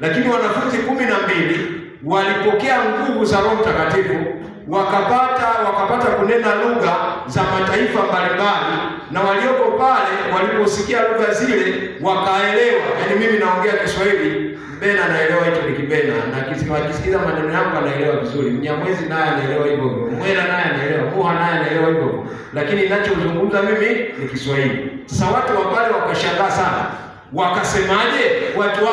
Lakini wanafunzi kumi na mbili walipokea nguvu za Roho Mtakatifu wakapata wakapata kunena lugha za mataifa mbalimbali, na walioko pale waliposikia lugha zile wakaelewa. Yaani mimi naongea Kiswahili, Mbena anaelewa hicho ni Kibena, na akisikiza maneno yangu anaelewa vizuri. Mnyamwezi naye anaelewa hivyo, Mwera naye anaelewa, Muha naye anaelewa hivyo, lakini ninachozungumza mimi ni Kiswahili. Sasa watu wa pale wakashangaa sana, wakasemaje watu wa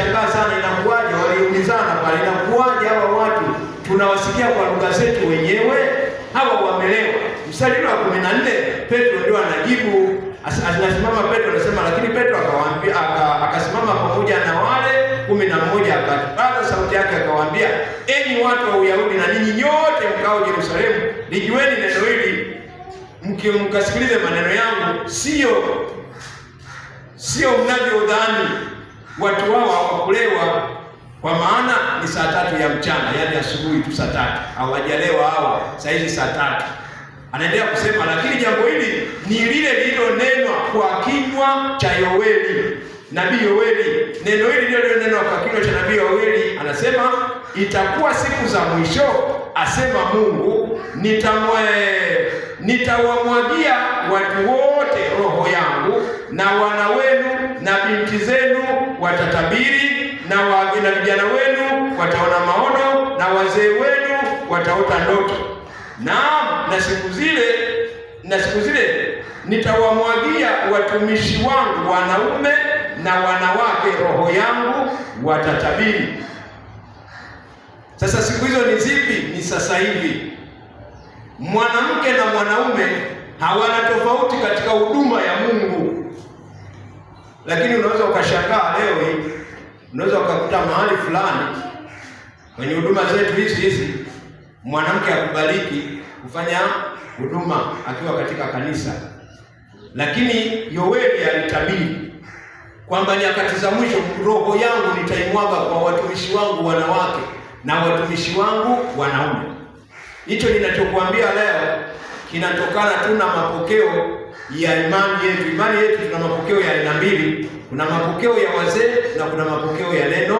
nimeshangaa sana, inakuwaje? Waliulizana pale, inakuwaje hawa watu tunawasikia kwa lugha zetu wenyewe, hawa wamelewa. Mstari wa kumi na nne Petro ndio anajibu, anasimama Petro anasema, lakini Petro akawaambia, akasimama pamoja na wale kumi na mmoja akapaza sauti yake akawaambia, enyi watu wa Uyahudi na ninyi nyote mkao Yerusalemu, lijueni neno hili mkimkasikilize maneno yangu, sio sio mnavyodhani watu wao hawakulewa, kwa maana ni saa tatu ya mchana, yaani asubuhi tu saa tatu. Hawajalewa hawa, saa hizi saa tatu. Anaendelea kusema, lakini jambo hili ni lile lililonenwa kwa kinywa cha Yoweli nabii Yoweli. Neno hili ndilo lililonenwa kwa kinywa cha nabii Yoweli, anasema itakuwa siku za mwisho, asema Mungu, nitamwe nitawamwagia watu wote roho yangu, na wana wenu na binti zenu watatabiri na na vijana wenu wataona maono na wazee wenu wataota ndoto. Naam, na siku zile na siku zile nitawamwagia watumishi wangu wanaume na wanawake roho yangu, watatabiri. Sasa siku hizo ni zipi? Ni sasa hivi. Mwanamke na mwanaume hawana tofauti katika huduma ya Mungu. Lakini unaweza ukashangaa leo hii, unaweza ukakuta mahali fulani kwenye huduma zetu hizi hizi mwanamke akubaliki kufanya huduma akiwa katika kanisa, lakini yoweli alitabiri kwamba nyakati za mwisho roho yangu nitaimwaga kwa watumishi wangu wanawake na watumishi wangu wanaume. Hicho ninachokuambia leo kinatokana tu na mapokeo ya imani yetu. Imani yetu tuna mapokeo ya aina mbili, kuna mapokeo ya wazee na kuna mapokeo ya neno